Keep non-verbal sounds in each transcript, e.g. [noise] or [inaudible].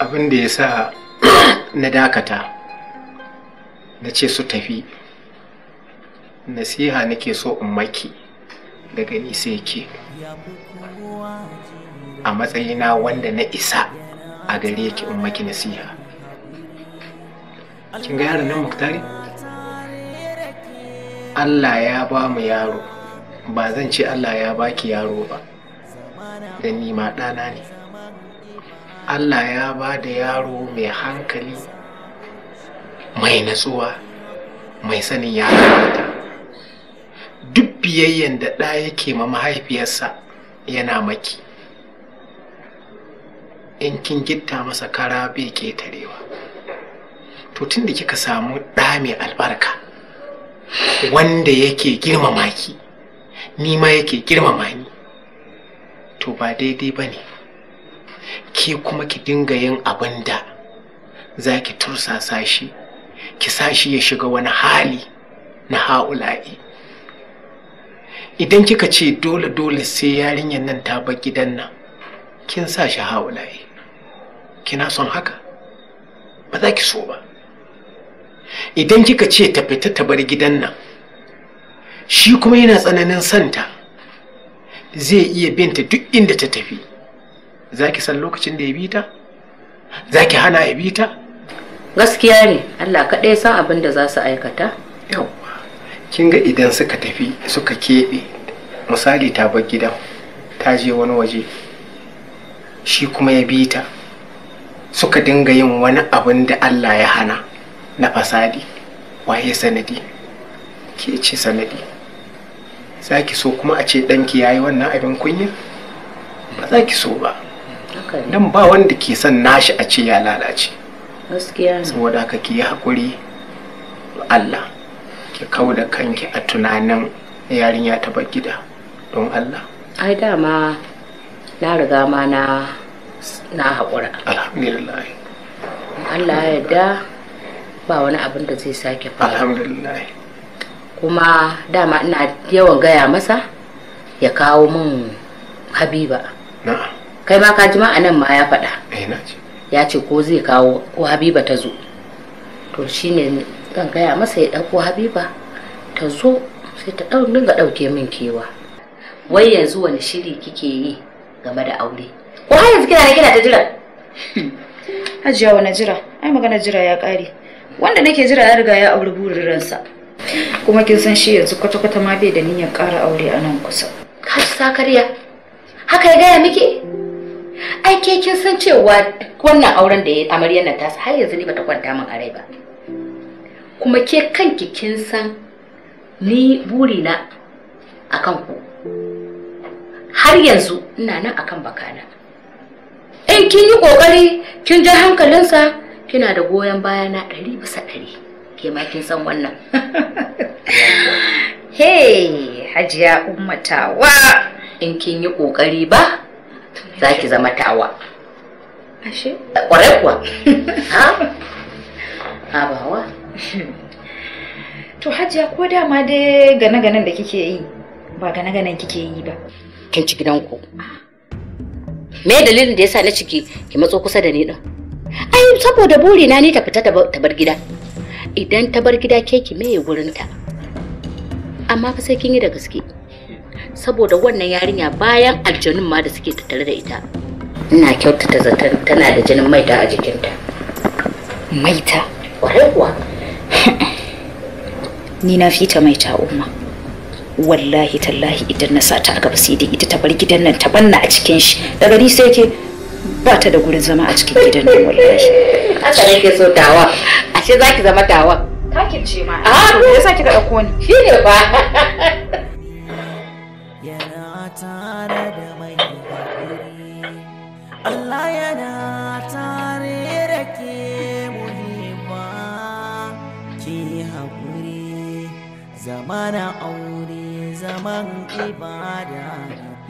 abin da ya sa na dakata na ce su tafi nasiha nake so in maki daga ni yake ke a matsayina wanda na isa a gare ki in maki nasiha kin ga yaron nan muktari Allah ya ba mu yaro ba zan ce Allah ya baki yaro ba da ni ma ɗana ne allah ya ba da yaro mai hankali mai natsuwa mai sanin ya kamata duk biyayyen da ɗa yake ma mahaifiyarsa yana maki in kin gitta masa kara bai ke tarewa. to tun kika samu ɗa mai albarka wanda yake girmama ki ni ma yake girmama ni to ba daidai ba ne ke kuma ki dinga yin abin da za ki tursasa shi ki sashi ya shiga wani hali na ha'ula'i idan kika ce dole dole sai yarinyar nan ta bar gidan nan kin sa shi ha'ula'i kina son haka ba za ki so ba idan kika ce ta fita ta bar gidan nan shi kuma yana tsananin santa zai iya binta duk inda ta tafi za ki san lokacin da ya bi ta za ki hana ya bi ta gaskiya ne allah kaɗai san abin da za su aikata yau kin ga idan suka tafi suka keɓe misali ta bar gidan ta je wani waje shi kuma ya bi ta suka dinga yin wani abin da allah ya hana na fasadi waye sanadi ke ce sanadi za ki so kuma a ce ɗanki ya yi wannan abin kunya ba za ki so ba dan ba wanda ke son nashi a ce ya lalace saboda haka ki yi haƙuri Allah ki kawo da kanki a tunanin yarinya ta bar gida don Allah ai dama na riga ma na na haƙura alhamdulillah Allah ya yarda ba wani abin da zai sake faru alhamdulillah kuma dama ina yawan gaya masa ya kawo min habiba na'am kai ma ka jima anan ma ya faɗa eh, ya ce ko zai kawo ko habiba ta zo to shine zan gaya masa ya ɗauko habiba ta zo sai ta dinga ɗauke min kewa wai yanzu wani shiri kike yi game da aure ko har yanzu kina kina ta jira [laughs] hajiya wani jira ai magana jira ya ƙare wanda nake jira ya riga ya auri burin ransa kuma kin san shi yanzu kwata-kwata ma bai da niyyar ƙara aure a nan kusa ji sakarya haka ya gaya miki ai ke kin san cewa wannan auren da ya amaryar nan tasa har yanzu ne bata kwanta min arai ba kuma ke kanki kin san ni buri na akan ku har yanzu ina nan akan bakana in kin yi kokari kin ja hankalinsa kina da goyon baya na ɗari bisa ɗari ke ma kin san wannan [laughs] hey hajiya ummatawa in kin yi kokari ba za ki zama tawa ashe kuwa [laughs] ha ha bawa to hajiya ko dama dai gane-ganen da kike yi ba gane-ganen kike yi ba kin ci gidanku me dalilin da yasa na ciki ki matso kusa da ni din ai saboda buri na ni ta fita ta bar gida idan ta bar gida ke ki meye gurinta amma fa sai kin yi da gaske saboda wannan yarinya bayan aljanun ma da suke tattare da ita ina kyautata zaton tana da jinin maita a jikinta maita kwarai kuwa [laughs] ni na fita maita umma wallahi tallahi idan na sata a gaba sai dai ita ta bar gidan nan ta banna a cikin shi daga ni sai ke ba ta da gurin zama a cikin gidan nan wallahi [laughs] haka nake so dawa ashe zaki zama dawa takin ce ma a ah, yasa kika dauko ni shine ba [laughs] tare da mai haƙuri Allah yana tare da ke muhimma ki haƙuri zamana aure zaman ibada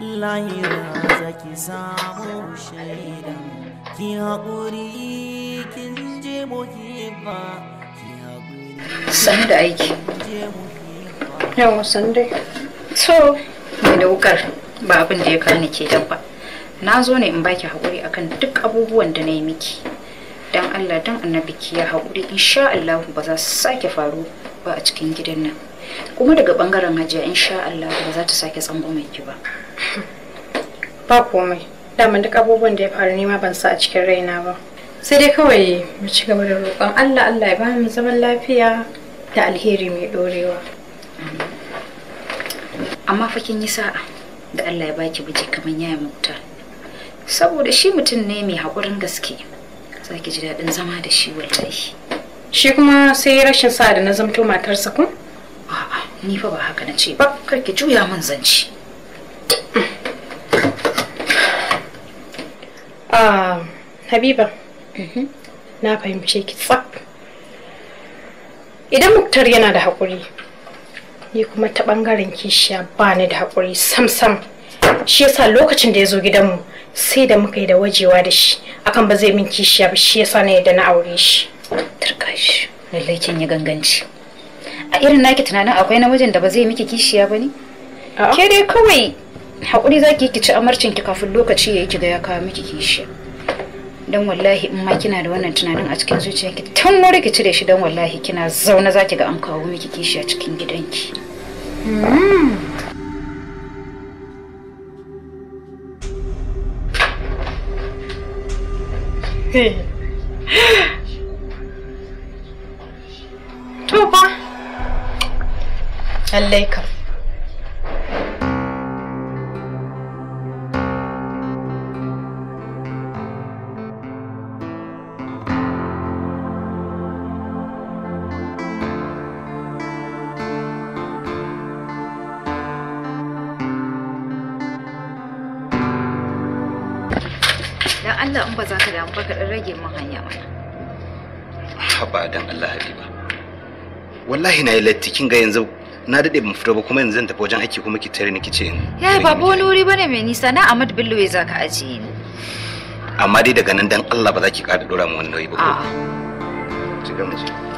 lahira zaki samu shaida ki haƙuri kin je muhimma ki haƙuri sanda aiki yau sanda so mai da wukar ba abin da ya kawo ni ke dan ba na zo ne in baki haƙuri akan duk abubuwan da na yi miki don Allah don annabi ki ya haƙuri insha Allah ba za su sake faru ba a cikin gidan nan kuma daga bangaren hajiya insha Allah ba za ta sake mai ki ba ba komai daman duk abubuwan da ya faru ni ma ban sa a cikin raina ba sai dai kawai mu ci gaba da roƙon Allah Allah ya ba mu zaman lafiya da alheri mai ɗorewa. amma fa kin yi sa'a da Allah ya baki biji kamar yaya mukta saboda shi mutum ne mai hakurin gaske za ji daɗin zama da shi wallahi shi kuma sai rashin sa'a da na zamto matarsa ku. a'a ni fa ba haka na ce ba kar ki juya min zanci ah habiba mhm. na fahimce ki tsaf idan muktar yana da haƙuri ni kuma ta bangaren kishiya ba ni da haƙuri sam-sam shi yasa lokacin da ya zo gidanmu sai da muka yi da wajewa da shi akan ba zai min kishiya ba shi yasa na yadda na aure shi turkashi shi lallai kin yi ganganci a irin naki tunanin akwai namijin da ba zai miki kishiya ba ne ke dai kawai haƙuri za ki ci amarcin ki kafin lokaci ya yi ki ga ya kawo miki kishiya dan wallahi in ma kina da wannan tunanin a cikin zuciyarki tun wuri ki cire shi don wallahi kina zaune zaki ga an kawo miki kishi a cikin gidanki hmm. [laughs] Tuba, lallai kam. dan Allah in ba za ka damu ba ka rage min hanya mana haba dan Allah habiba wallahi na yi latti kin ga yanzu na dade ban fito ba kuma yanzu zan tafi wajen aiki kuma ki tare ni kice yayi ba wani wuri bane mai nisa na Ahmad Bello ya zaka ajiye ni amma dai daga nan dan Allah ba za ki ƙara dora mu wani nauyi ba ko ki ga mace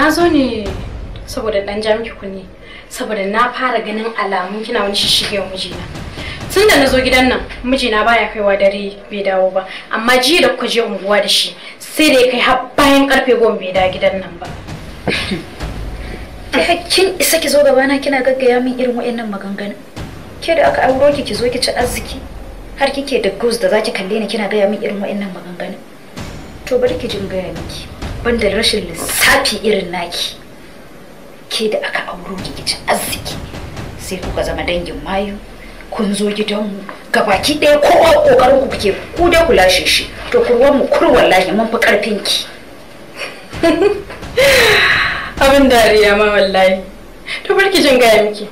na zo ne saboda dan ja ku kunne saboda na fara ganin alamu kina wani shishige mijina tun da na zo gidan nan mijina baya kaiwa dare bai dawo ba amma jiya da ku je unguwa da shi sai da ya kai har bayan karfe goma bai dawo gidan nan ba kin isa ki zo gaba na kina gaggaya min irin wa'annan maganganu ke da aka auro ki ki zo ki ci arziki har kike da goose da zaki kalle ni kina gaya min irin wa'annan maganganu to bari ki jin gaya miki banda rashin lissafi irin naki ke da aka auro ki arziki sai kuka zama dangin mayu kun zo gidanmu baki ɗaya kowa ƙoƙarin ku kuke ku dai ku lashe shi to kurwan mu kur wallahi mun fi ƙarfin ki [laughs] abin dariya ma wallahi to barki jin gaya miki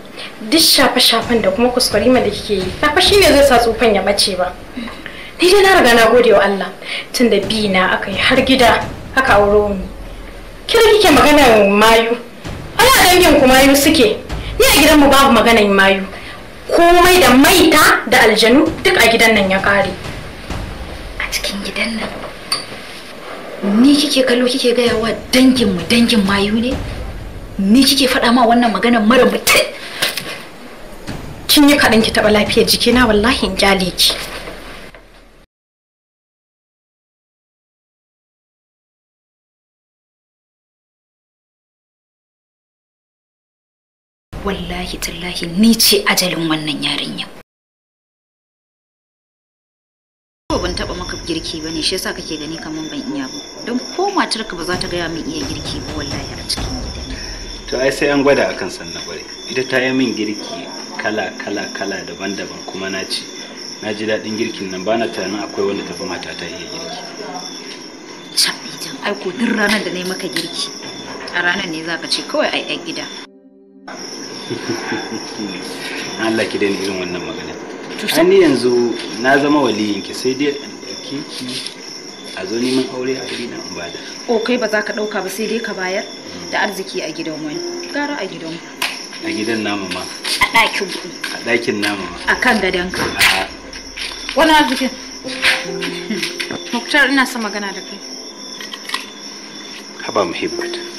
duk shafe-shafen da kuma kuskure ma da kike yi fa shine zai sa tsufan ya mace ba ni dai na riga na gode wa Allah tunda bi na aka yi har gida haka auro ni kira kike maganar mayu ana dangin ku mayu suke ni a gidanmu babu maganar mayu komai da maita da aljanu duk a gidan nan ya kare a cikin gidan nan ni kike kallo kike gaya wa dangin mu dangin mayu ne ni kike faɗa ma wannan maganar mara mutum kin yi kaɗan ki taɓa lafiyar jikina wallahi in kyale ki wallahi tallahi ni ce ajalin wannan yarinya ko ban taba maka girki bane shi yasa kake gani kaman ban iya ba don ko matarka ba za ta gaya min iya girki ba wallahi a cikin gidana to ai sai an gwada akan sannan bare ita ta yi min girki kala kala kala daban-daban kuma na ci na ji daɗin girkin nan bana tunanin akwai wanda tafi mata ta iya girki ai ko duk ranar da na yi maka girki a ranar ne za ka ce kawai ai gida [laughs] Allah ki daina irin wannan magana ani yanzu na zama waliyin ki sai dai an dauke ki a zo neman aure a gari na bada o kai ba za ka dauka ba sai dai ka bayar mm. da arziki a gidan wani gara a gidan a gidan namu ma a ɗakin a ɗakin namu ma a kan gadon ka wani arzikin [laughs] muktar ina son magana da kai haba muhibbat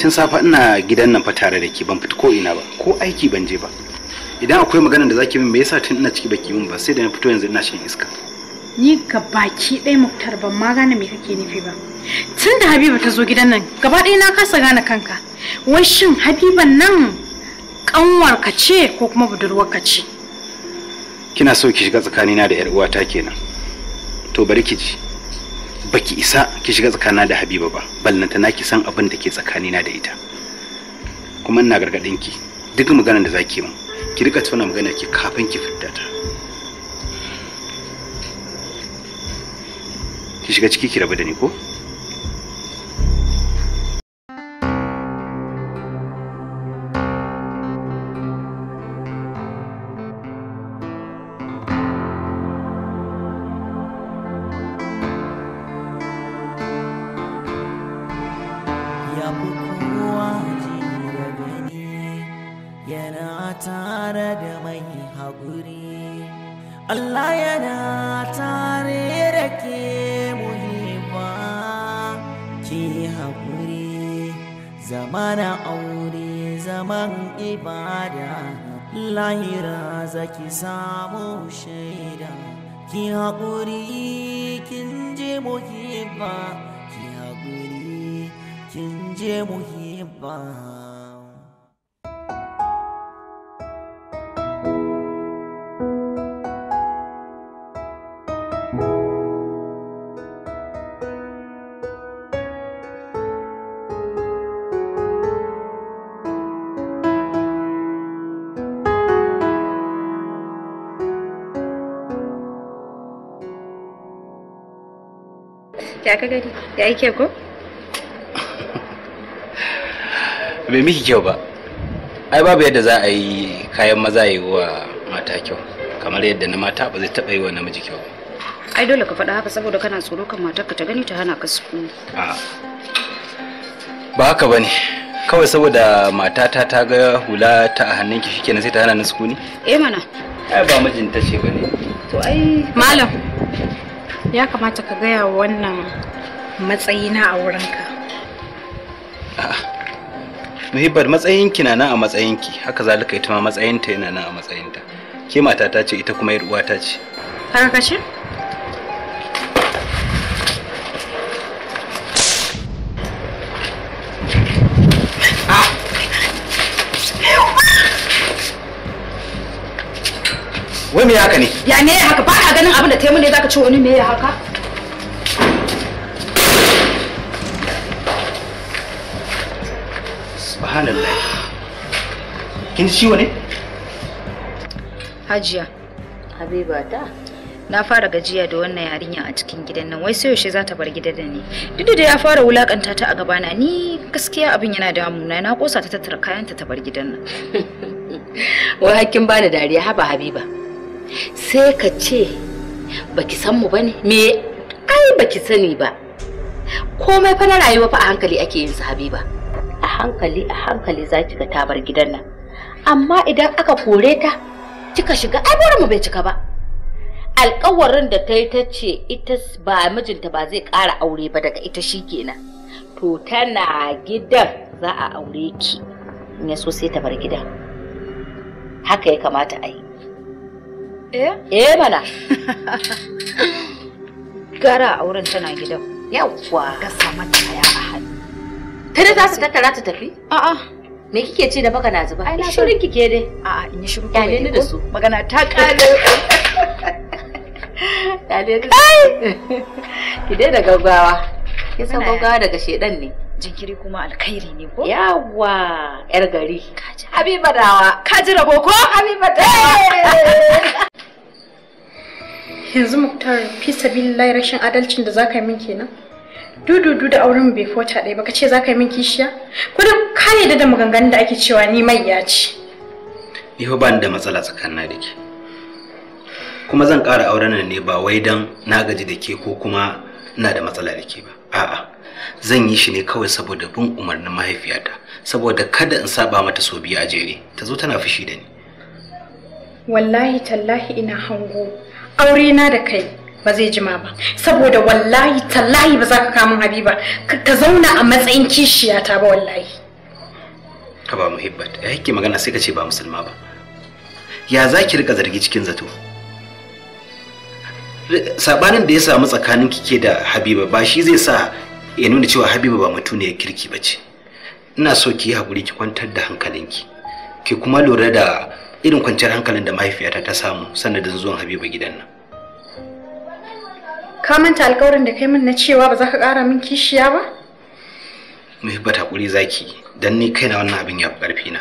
tun safa ina gidan nan fa tare da ke ban fita ko ina ba ko aiki ban je ba idan akwai magana da zaki min me yasa tun ina ciki baki min ba sai da na fito yanzu ina shan iska ni ga baki ɗaya muktar ban ma gane me kake nufi ba tun da habiba ta zo gidan nan gaba ɗaya na kasa gane kanka wai shin habiban nan kanwar ka ce ko kuma budurwar ka ce kina so ki shiga tsakanina da yar uwata kenan to bari ki ji baki isa ki shiga tsakanina da habiba ba na ki san abin da ke tsakanina da ita kuma ina gargaɗin ki duk maganar da zaki mu ki rika tona magana ki kafin ki fidda ta ki shiga ciki ki rabu da ni ko tare da mai haƙuri Allah yana tare da ke muhimma ki haƙuri zamana aure zaman ibada lahira zaki samu shaida ki haƙuri kin je muhimma ki haƙuri kin je muhimma ya ka ya yi kyau ko bai miki kyau ba ai babu yadda za a yi kayan maza yi wa mata kyau kamar yadda na mata ba zai taɓa yi wa namiji kyau ai dole ka faɗa haka saboda kana tsoro kan matarka ta gani ta hana ka sukuni ba haka ba ne kawai saboda matata ta ga hula ta a hannunki shikenan sai ta hana ni sukuni eh mana ai ba mijinta ce ba ne to ai malam ya kamata ka gaya wannan matsayina a wurinka muhibbar matsayinki na nan a matsayinki haka zalika ita ma matsayinta yana nan a matsayinta ke matata ce ita kuma yar uwata ce ce? wai me haka ne ya ne haka ba ganin abin da taimu ne zaka ce wani me ya haka subhanallah kin ji ciwo ne hajiya habiba ta na fara gajiya da wannan yarinya a cikin gidan nan wai sai yaushe za ta bar gidan da ni duk da ya fara wulakanta ta a gabana ni gaskiya abin yana damuna na kosa ta tattara kayanta ta bar gidan nan [laughs] wai hakkin bani dariya haba habiba sai ka ce baki san mu bane me ai baki sani ba komai fa na rayuwa fa a hankali ake yin su habiba a hankali a hankali za ki ga tabar gidan nan amma idan aka kore ta kika shiga ai mu bai cika ba alƙawarin da ta yi ta ce ita ba mijinta ba zai ƙara aure ba daga ita shi shikenan to tana gidan za a aure ki in ya so sai ta bar gidan haka ya kamata a Eh? Eh mana. [laughs] Gara a wurin tana gidan. Yawwa. Gasa mata kaya a hannu. Kada za su tattara ta tafi? A'a. Me kike ci da baka na zuba? Ai na shirin kike dai. A'a in yi shiru kawai. Kyale eh, da su. Magana ta kare. [laughs] Kyale ni. Ai. [laughs] Ki dai da gaggawa. Ki san gaggawa daga shedan ne. jinkiri kuma alkhairi ne ko yawa yar gari habiba dawa ka ji rabo ko habiba dawa yanzu muktar fi sabilillahi rashin adalcin da zaka yi min kenan du da auren bai fota ɗaya ba ka ce zaka yi min kishiya kudin ka da maganganun da ake cewa ni mai ya ce ni fa ban da matsala tsakanin da ke kuma zan ƙara auren nan ne ba wai dan na gaji da ke ko kuma ina da matsala da ke ba a'a zan yi shi ne kawai saboda bin umarnin mahaifiyata saboda kada in saba mata so biyu a jere ta zo tana fushi da ni wallahi tallahi ina hango aure na da kai ba zai jima ba saboda wallahi tallahi ba za ka kama habiba ka zauna a matsayin kishiyata ba wallahi ka ba muhibbat ya yake magana sai ka ce ba musulma ba ya za ki rika zargi cikin zato sabanin da ya samu tsakanin kike da habiba ba shi zai sa ya nuna cewa habiba ba ya kirki ba ce ina so ki yi haƙuri ki kwantar da hankalinki ki kuma lura da irin kwanciyar hankalin da mahaifiyata ta samu sanadin zuwan habiba gidan nan ka manta alƙawarin da kai min na cewa ba za ka ƙara min kishiya ba mu ba haƙuri zaki dan ni kaina wannan abin ya fi ƙarfi na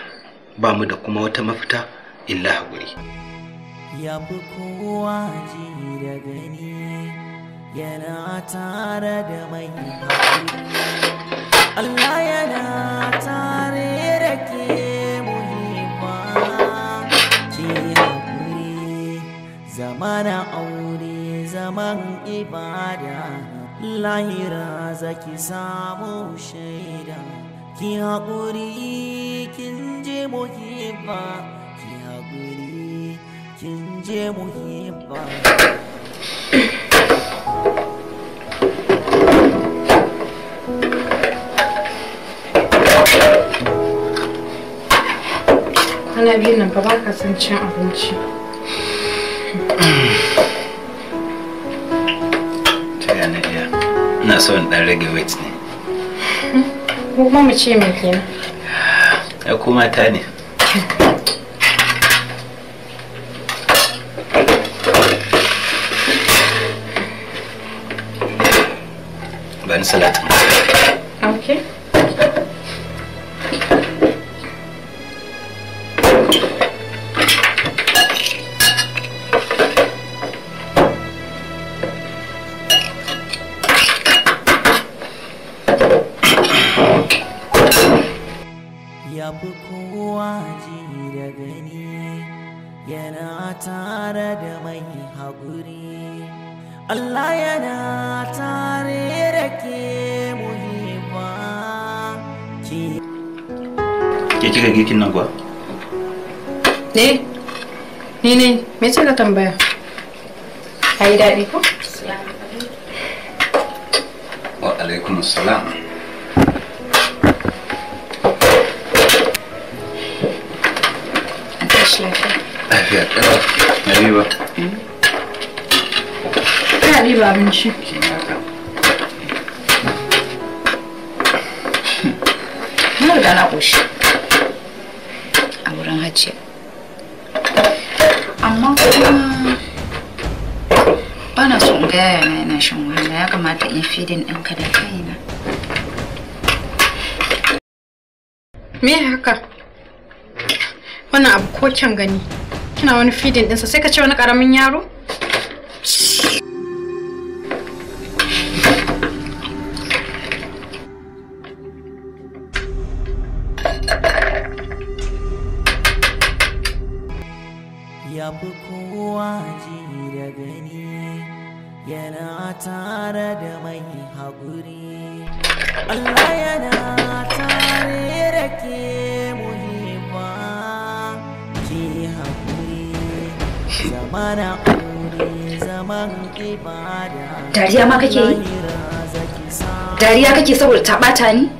ba mu da kuma wata mafita illa hakuri. ya fi kowa ji da gani yana tare da mai Allah yana tare da ke muhimma ke haƙuri zamana aure zaman ibada lahira zaki samu shaida ki haƙuri kin je muhimma ki haƙuri kin je muhimma Ana biyu nan fa ba ka cin abinci. Ta yana iya. Ina so in ɗan rage weight ne. Ko kuma mu ce me kenan? Ya kuma ta ne. Ben Selahattin. Okay. kika girkin nan kuwa? Ne, ni ne, me ce ka tambaya? Ka yi daɗi ko? Wa alaikum salam. Lafiya, ƙarfi. Habiba. Habiba hmm? abinci. bana sun na so ga yana yana shan wahala ya kamata in fidin ɗinka da kaina me haka wannan abu ko kyan gani kina wani fidin ɗinsa sai ka ce wani ƙaramin yaro dariya ma kake yi dariya kake saboda ta bata ni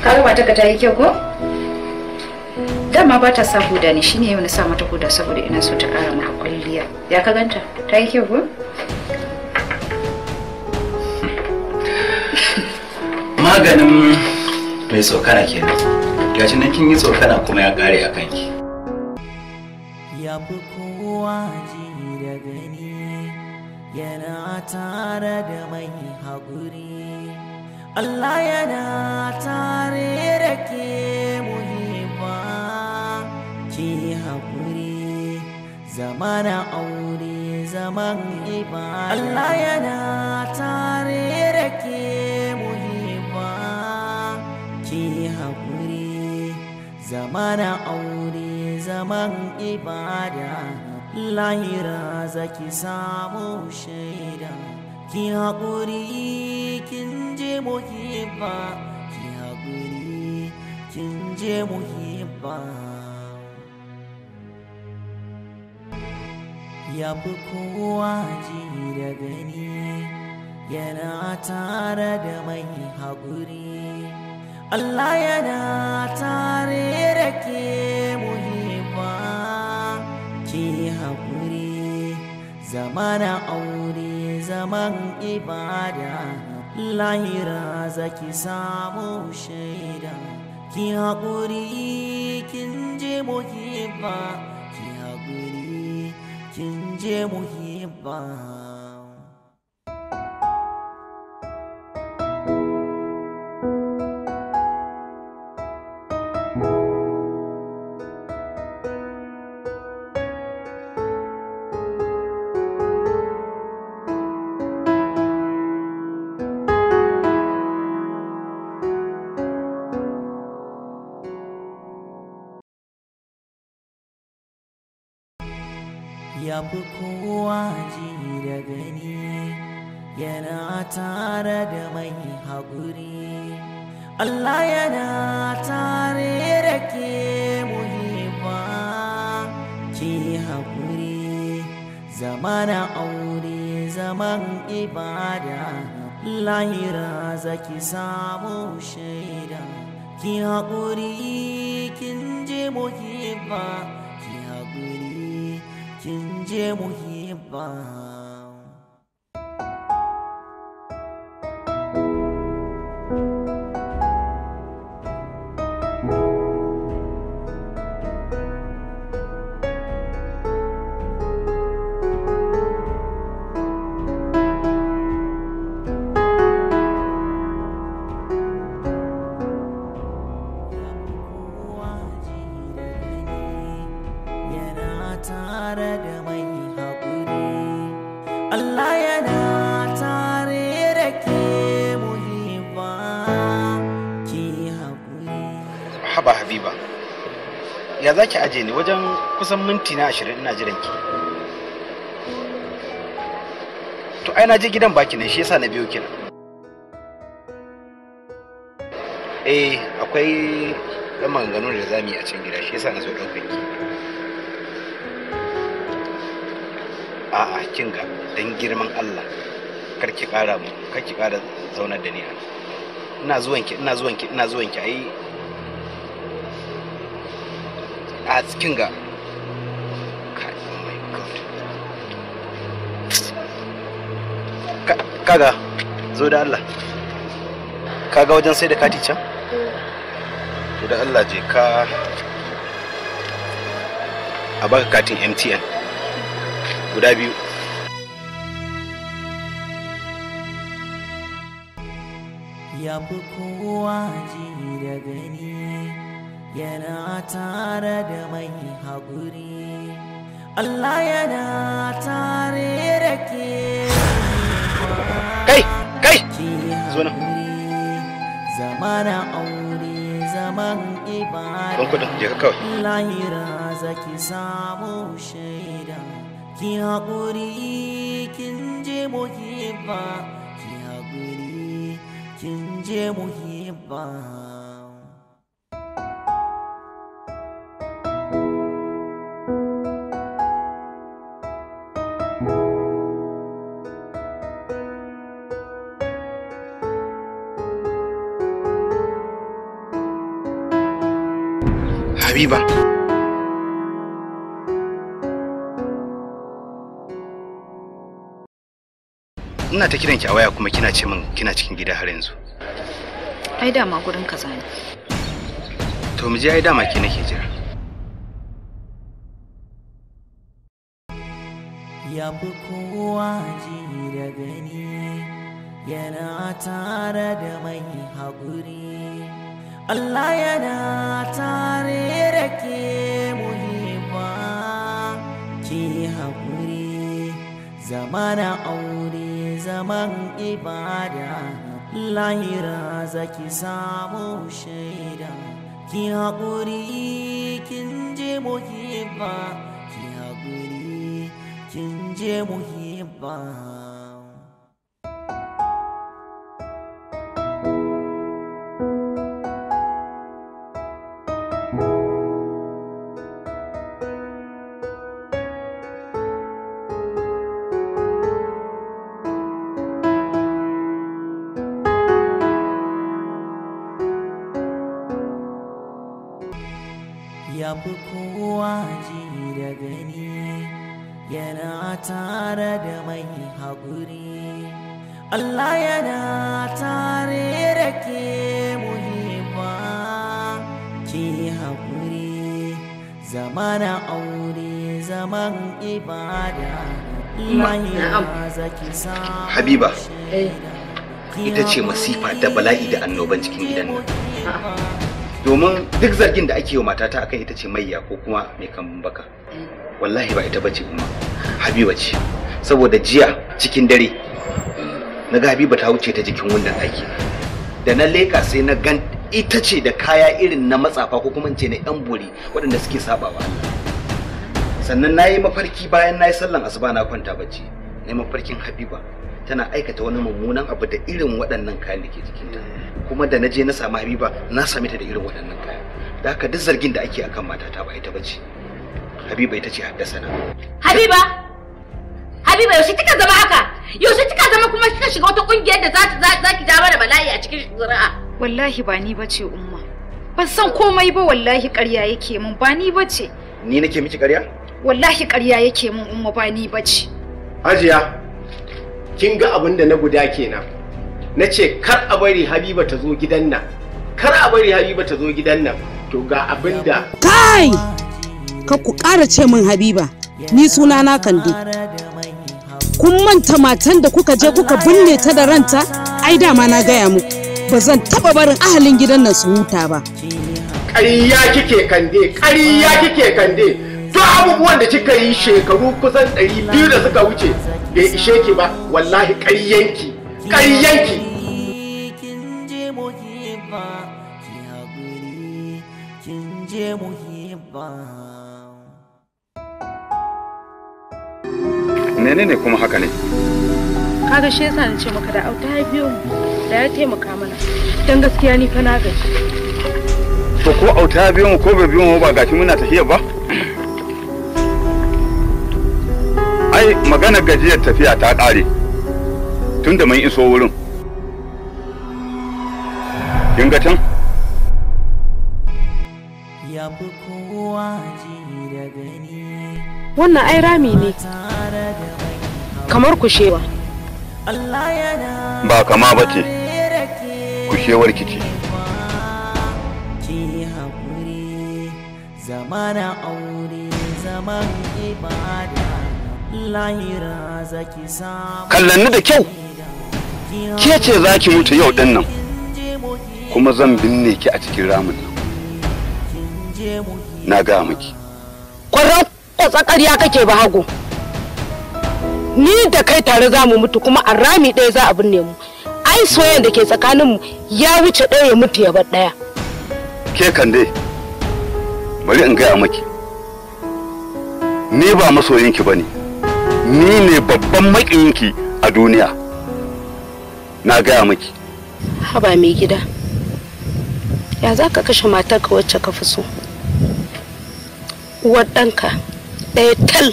kaga matarka ta yi kyau ko dama ba ta sa huda ne shine yau na sa mata huda saboda ina so ta kara maka kwalliya ya ka ganta ta yi kyau ko maganin mai tsokana nan gashi nan kin yi tsokana kuma ya kare a kanki ya fi kowa ji da gani yana tare da mai haƙuri Allah yana tare da ke muhimma ki haƙuri zamana aure zaman iba Allah yana tare da ke zamana aure zaman ibada lahira zaki samu shaida ki haƙuri kin je muhibba ki haƙuri kin je muhibba ya fi kowa ji da gani yana tare da mai haƙuri Allah yana tare da ke muhimma ki haƙuri zamana aure zaman ibada lahira zaki samu shaida ki haƙuri kin je muhimma ki haƙuri kin je muhimma up will haba habiba ya za ki aje ni wajen kusan minti na ashirin ina jiran ki to ai na je gidan baki nan shi yasa na biyo ki na. eh akwai dan maganganun da zamu yi a cikin gida shi yasa na zo ɗaukar ki a'a kin ga dan girman Allah kar ki ƙara mu kar ki ƙara zaunar da ni a ina zuwanki ina zuwanki ina zuwanki ai a cikin ga oh kaga zo da Allah kaga wajen sai da kati can to da Allah je ka a baka katin MTN guda biyu ya fi kowa ji da gani yana tare da mai haƙuri Allah yana tare da ke kai kai zuwa zamana aure zaman ibada lahira zaki samu shaida ki haƙuri kin je muhibba ki haƙuri kin je muhibba viva. Ina ta kiranki a waya kuma kina ce min kina cikin gida har yanzu. Ai dama gurin kaza ne. To mu je ai dama ke nake jira. Ya fi kowa ji da gani yana tare da mai haƙuri. Allah yana tare da ke muhimma ki haƙuri zamana aure zaman ibada lahira zaki samu shaida ki haƙuri kin je muhimma ki haƙuri kin je muhimma fi kowa ji da gani yana tare da mai haƙuri Allah yana tare da ke muhimma ki haƙuri zamana aure zaman ibada Habiba ita ce masifa da bala'i da annoban cikin gidan nan. domin duk zargin da ake yi wa matata akan ita ce mayya ko kuma mai kan baka wallahi ba ita bace kuma habiba ce saboda jiya cikin dare mm, na ga habiba ta wuce ta jikin wannan aiki. da na leka sai na gan ita ce da kaya irin na matsafa ko kuma ce na yan bori waɗanda suke sabawa sannan na yi mafarki bayan na yi sallan asuba na kwanta bacci na yi mafarkin habiba tana aikata wani mummunan abu da irin waɗannan kayan da ke jikinta kuma da na je na samu habiba na same ta da irin waɗannan kayan da haka duk zargin da ake akan ta ba ita bace habiba ita ce haddasa na habiba habiba yaushe kika zama haka yaushe kika zama kuma kika shiga wata kungiyar da za ki jawo da bala'i a cikin zuri'a wallahi ba ni bace umma ban san komai ba wallahi ƙarya yake mun ba ni bace ni nake miki ƙarya wallahi ƙarya yake mun umma ba ni bace hajiya kin ga abin da na guda kenan na ce kar a bari habiba ta zo gidan nan kar a bari habiba ta zo gidan nan to ga abin da kai ka ku ƙara ce min habiba ni suna na kande kun manta matan da kuka je kuka binne ta da ranta ai dama na gaya mu. ba zan taba barin ahalin gidan nan su huta ba ƙarya kike kande ƙarya kike kande duk abubuwan da kika yi shekaru kusan ɗari biyu da suka wuce bai ishe ki ba wallahi ƙaryanki ƙaryanki ne kuma haka ne kaga shi yasa ce maka da auta ya biyo mu da ya taimaka mana dan gaskiya ni fa na gaji to ko auta ya biyo mu ko bai biyo mu ba gashi muna tafiya ba ai magana gajiyar tafiya ta ƙare tunda mun iso wurin kin ga can wannan ai rami ne kamar kushewa ba kama ba ce kushewar kici zamana aure zaman ibada kallanni da kyau ke ce za ki mutu yau din nan kuma zan binne ki a cikin ramin nan na ga miki kwarar kwatsa ƙarya kake ba hagu ni da kai tare za mu mutu kuma a rami ɗaya za a binne mu ai soyayya da ke tsakanin mu ya wuce ɗaya ya mutu ya bar ɗaya ke kande bari in gaya maki ni ba masoyinki ba ne ni ne babban makiyinki a duniya na gaya miki haba mai gida ya za ka kashe matarka wacce ka fi so uwar ɗanka ɗaya tal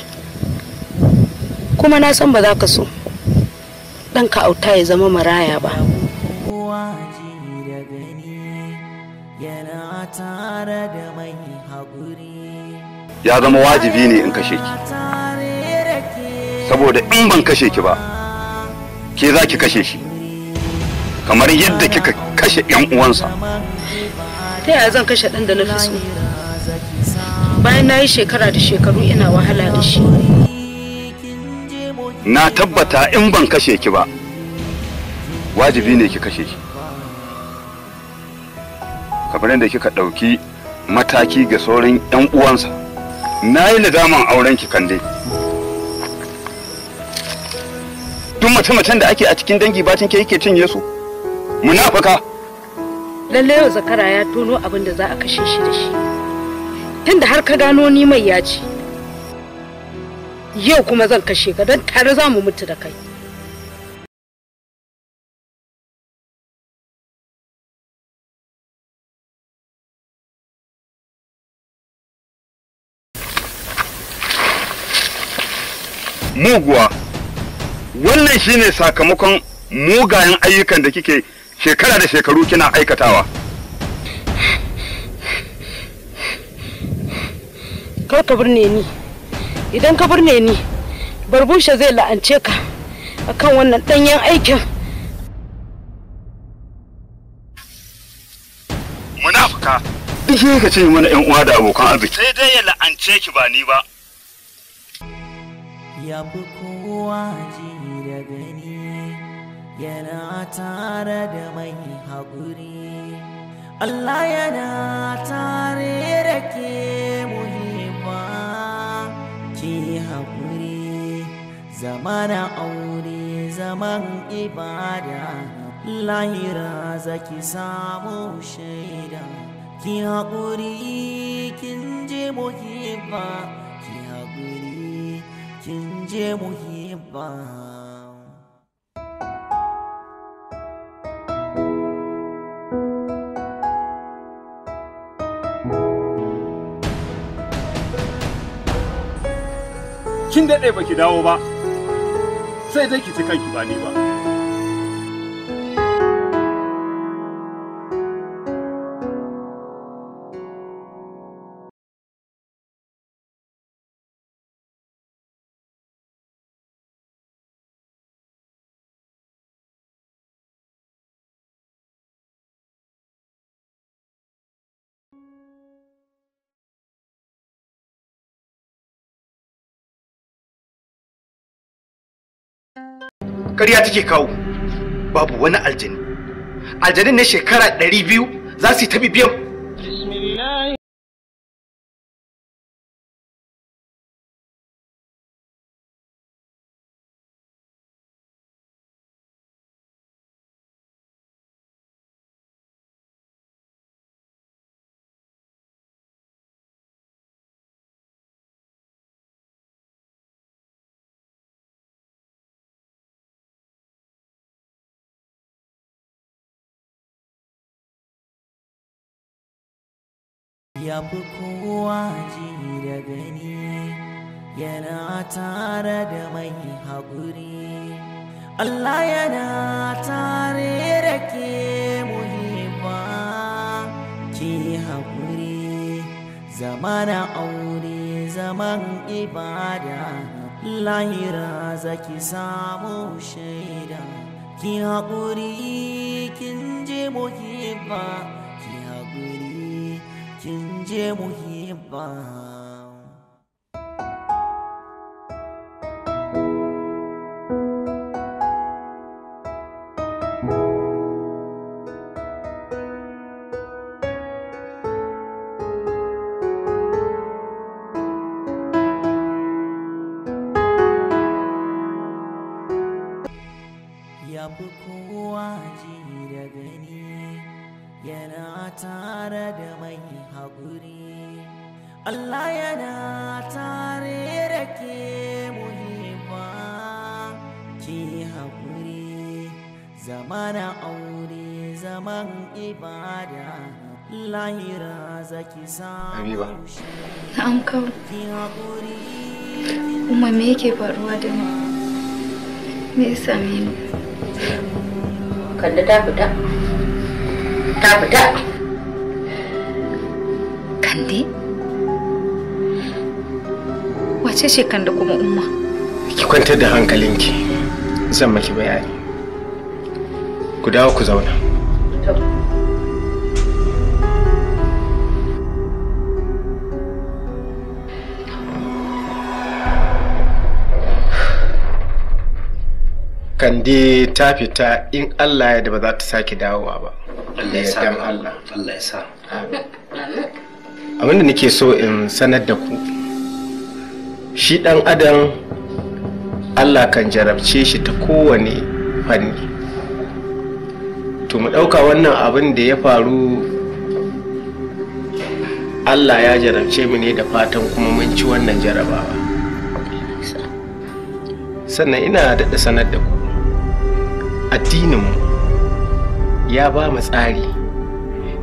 kuma na san ba za ka so ɗanka auta ya zama maraya ba ya zama wajibi ne in kashe ki saboda in ban kashe ki ba ke za ki kashe shi kamar yadda kika kashe yan uwansa ta yaya zan kashe ɗan da na fi so bayan na yi shekara da shekaru ina wahala da shi na tabbata in ban kashe ki ba wajibi ne ki kashe shi kamar yadda kika ɗauki mataki ga sauran 'yan uwansa na yi nadaman auren ki kande duk mace-macen da ake a cikin dangi bacin ke yake cinye su munafaka lalle yau zakara ya tono abin da za a kashe shi da shi tunda har ka gano ni mai ya yau kuma zan kashe ka don tare za mu mutu da kai Shi ne sakamakon mugayen ayyukan da kike shekara da shekaru kina aikatawa kar ka birne ni idan ka birne ni bar bushe zai la'ance ka akan wannan ɗanyen aikin munafuka duk yi ka ce mana yan uwa da abokan arziki sai dai ya la'ance ki ba ni ba ya fi yana tare da mai haƙuri Allah yana tare da ke muhimma ki haƙuri zamana aure zaman ibada lahira zaki samu shaida ki haƙuri kin je muhimma ki haƙuri kin je muhimma kin daɗe baki dawo ba sai dai ki ci kanki ba ni ba ƙarya take kawo babu wani aljani aljinin ne shekara ɗari biyu za su yi ta bibiyan ya fi kowa ji da gani yana tare da mai haƙuri Allah yana tare da ke muhimma ke haƙuri aure zaman ibada lahira zaki samu shaida ki haƙuri kin ji muhimma ki haƙuri je muhimma kowa da gani yana tare da mai Allah yana tare da ke muhimma ki haƙuri zamana aure zaman ibada lahira zaki Habiba. Na'am kawo. Ki haƙuri. Kuma me yake faruwa da ni? Me ya same ni? Kande ta fita. Ta fita. Kande? ce ce kan da kuma umma ki kwantar da hankalinki zan maki bayani ku dawo ku zauna Kande ta fita in Allah ya da ba za ta sake dawowa ba. Allah ya sa. Allah ya sa. Abin da nake so in sanar da ku. shi ɗan adam allah kan jarabce shi ta kowane fanni to mu ɗauka wannan abin da ya faru allah ya jarabce mu ne da fatan kuma mun ci wannan jarabawa sannan ina daɗa sanar da ku addininmu ya ba mu tsari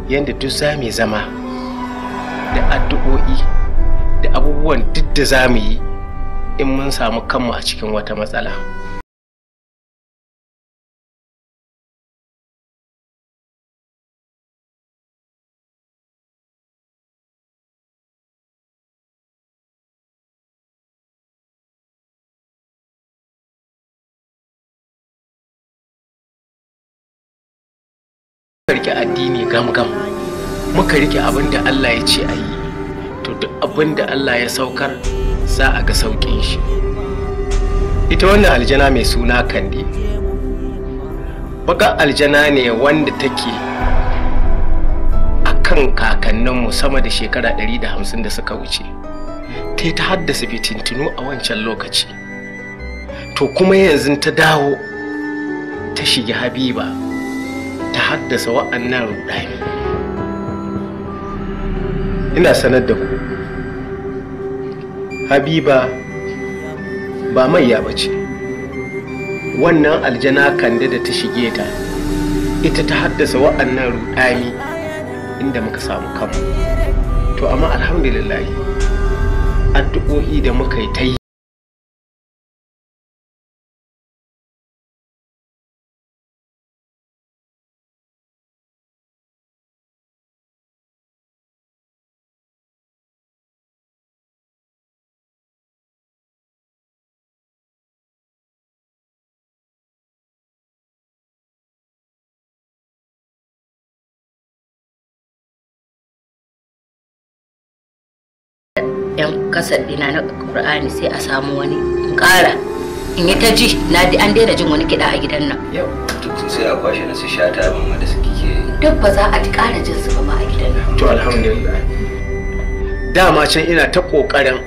yadda duk za zama da addu'o'i abubuwan duk da za mu yi in mun samu kanmu a cikin wata matsala. Muka rike addini gam-gam muka rike abin da Allah ya ce a yi duk abin da Allah ya saukar za a ga sauƙin shi ita wannan aljana mai suna Kande. baka aljana ne wanda take akan kakanninmu sama da shekara 150 da suka wuce ta ta haddasa fitintinu a wancan lokaci to kuma yanzu ta dawo ta shiga habiba ta haddasa wa'annan rudani ina sanar da ku habiba ba maiya ba ce wannan aljana kande da ta shige ta ita ta haddasa wa'annan rudani inda muka samu kanmu to amma alhamdulillah addu'o'i da muka yi ta kasar dina na Qur'ani sai a samu wani in ƙara in yi ta ji na an daina jin wani kiɗa a gidan nan. Yau duk sai a kwashe na su shata ban da suke ke. Duk ba za a ji ƙara jin su ba ma a gidan nan. To alhamdulillah. Dama can ina ta ƙoƙarin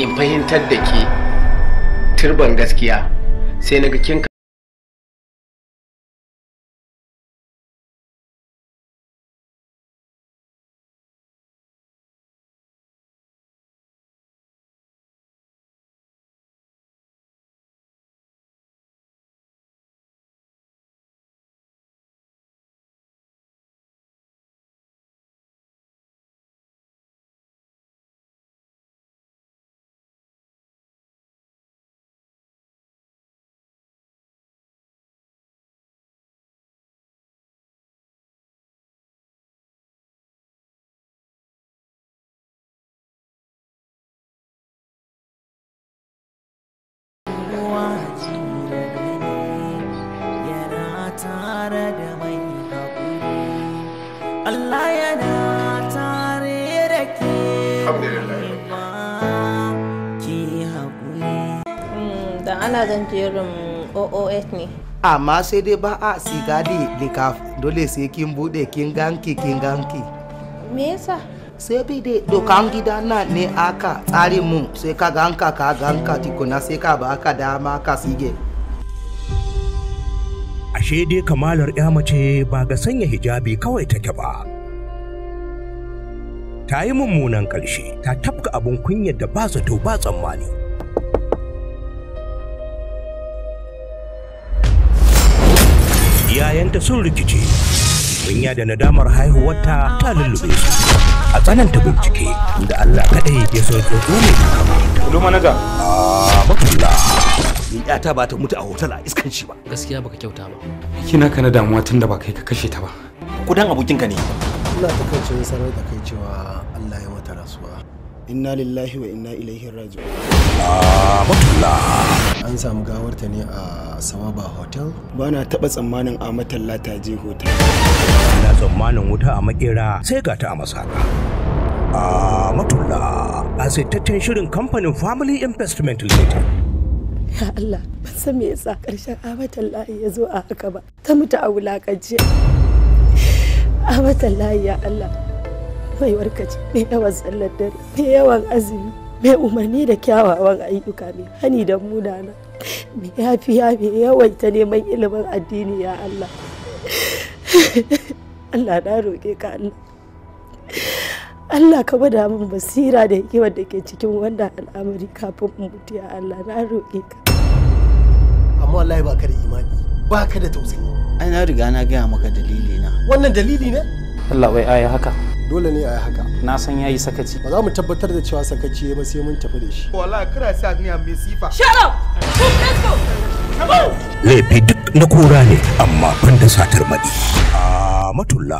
in fahimtar da ke turban gaskiya sai na ga kin sa jerin oos ne amma sai dai ba a siga da likaf dole sai kin bude kin ganki kin ganki me yasa sai bi dai dokan gida na ne aka tsari mu sai ka ganka ka ganka tikuna sai ka ba ka dama ka sige ashe dai kamalar ya mace ba ga sanya hijabi kawai take ba ta yi mummunan ƙarshe ta tafka abin kunyar da ba zato ba tsammani yayanta sun rikice kunya da nadamar haihuwarta ta lullube su a tsananta bincike da Allah kadai ya so tsotso ne kamar manaja abatullah ah, ni ta ba ta mutu a hotel a iskan shi ba gaskiya baka kyauta ba kina kana damuwa tunda ba kai ka kashe ta ba kudan abokinka ne Allah ta kace sarai da kai cewa Allah ya mata rasuwa inna lillahi wa inna ilaihi raji'un abatullah ah, an samu gawarta ne a sababa hotel ba na taɓa tsammanin a matallata je hotel ina tsammanin wuta a makera sai ga ta a masaka a matulla a saitaccen shirin kamfanin family investment limited ya Allah ban san me yasa karshen amatan layi ya zo a haka ba ta mutu a wulakance amatan layi ya Allah baiwar ka ce mai yawan tsallar dare mai yawan azumi mai umarni da kyawawan ayyuka mai hani da munana mai yafiya mai yawaita neman ilimin addini ya Allah [laughs] Allah na roƙe ka Allah Allah ka bada min basira da hikimar da ke cikin wanda al'amari kafin in mutu ya Allah na roƙe ka amma wallahi baka da imani baka da tausayi ai na riga na gaya maka dalili na wannan dalili ne Allah bai aya haka dole ne a yi haka na san yayi sakaci ba za mu tabbatar da cewa sakaci ba sai mun tafi da shi wallahi kira sai ni mai sifa shut up let's go laifi duk na kora ne amma ban da satar maɗi a matulla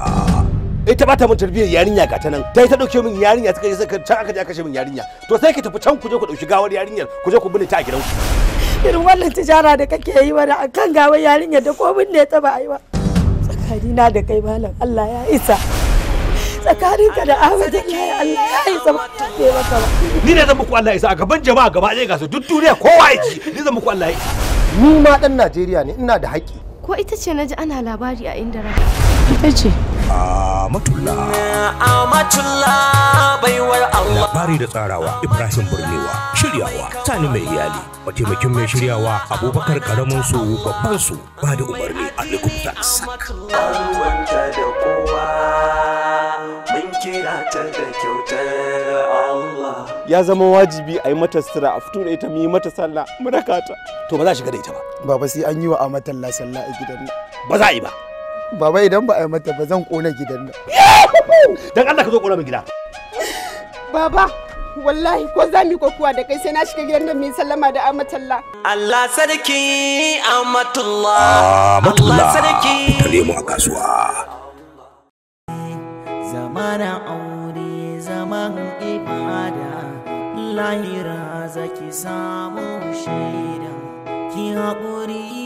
ita ba ta mun tarbiyyar yarinya ga ta nan dai ta dauke min yarinya suka je saka can aka je aka shi min yarinya to sai ki tafi can ku je ku dauki gawar yarinyar ku je ku bune ta a gidanku irin wannan tijara da kake yi mana akan gawar yarinyar da ko ne ta ba ai ba tsakanina da kai malam Allah ya isa tsakaninka da Ahmad Allah Allah ya yi zama tuke maka ba. Ni ne zan muku Allah ya isa a gaban jama'a gaba ɗaya ga su duk duniya kowa ya ji ni zan muku Allah ya isa. Ni ma ɗan Najeriya ne ina da haƙƙi. Ko ita ce na ji ana labari a inda rana. Ita ce. Amatulla. Amatulla baiwar Allah. Labari da tsarawa Ibrahim Burnewa. Shiryawa Sani mai iyali. Mataimakin mai shiryawa Abubakar karamin su babban su ba da umarni a Likum Tax. Abubuwan da kowa. kira ta da kyautar Allah ya zama wajibi a yi mata sira a fito da ita mu yi mata sallah mu raka ta to ba za shiga da ita ba baba sai an yi wa amatalla sallah a gidan nan ba za a yi ba baba idan ba a yi mata ba zan kona gidan nan dan Allah ka zo kona min gida baba wallahi ko za mu kokuwa da kai sai na shiga gidan nan mu sallama da la Allah sarki amatullah Allah sarki tare mu a kasuwa zama na aure zaman ibada lahira zaki samu shaida ki haƙuri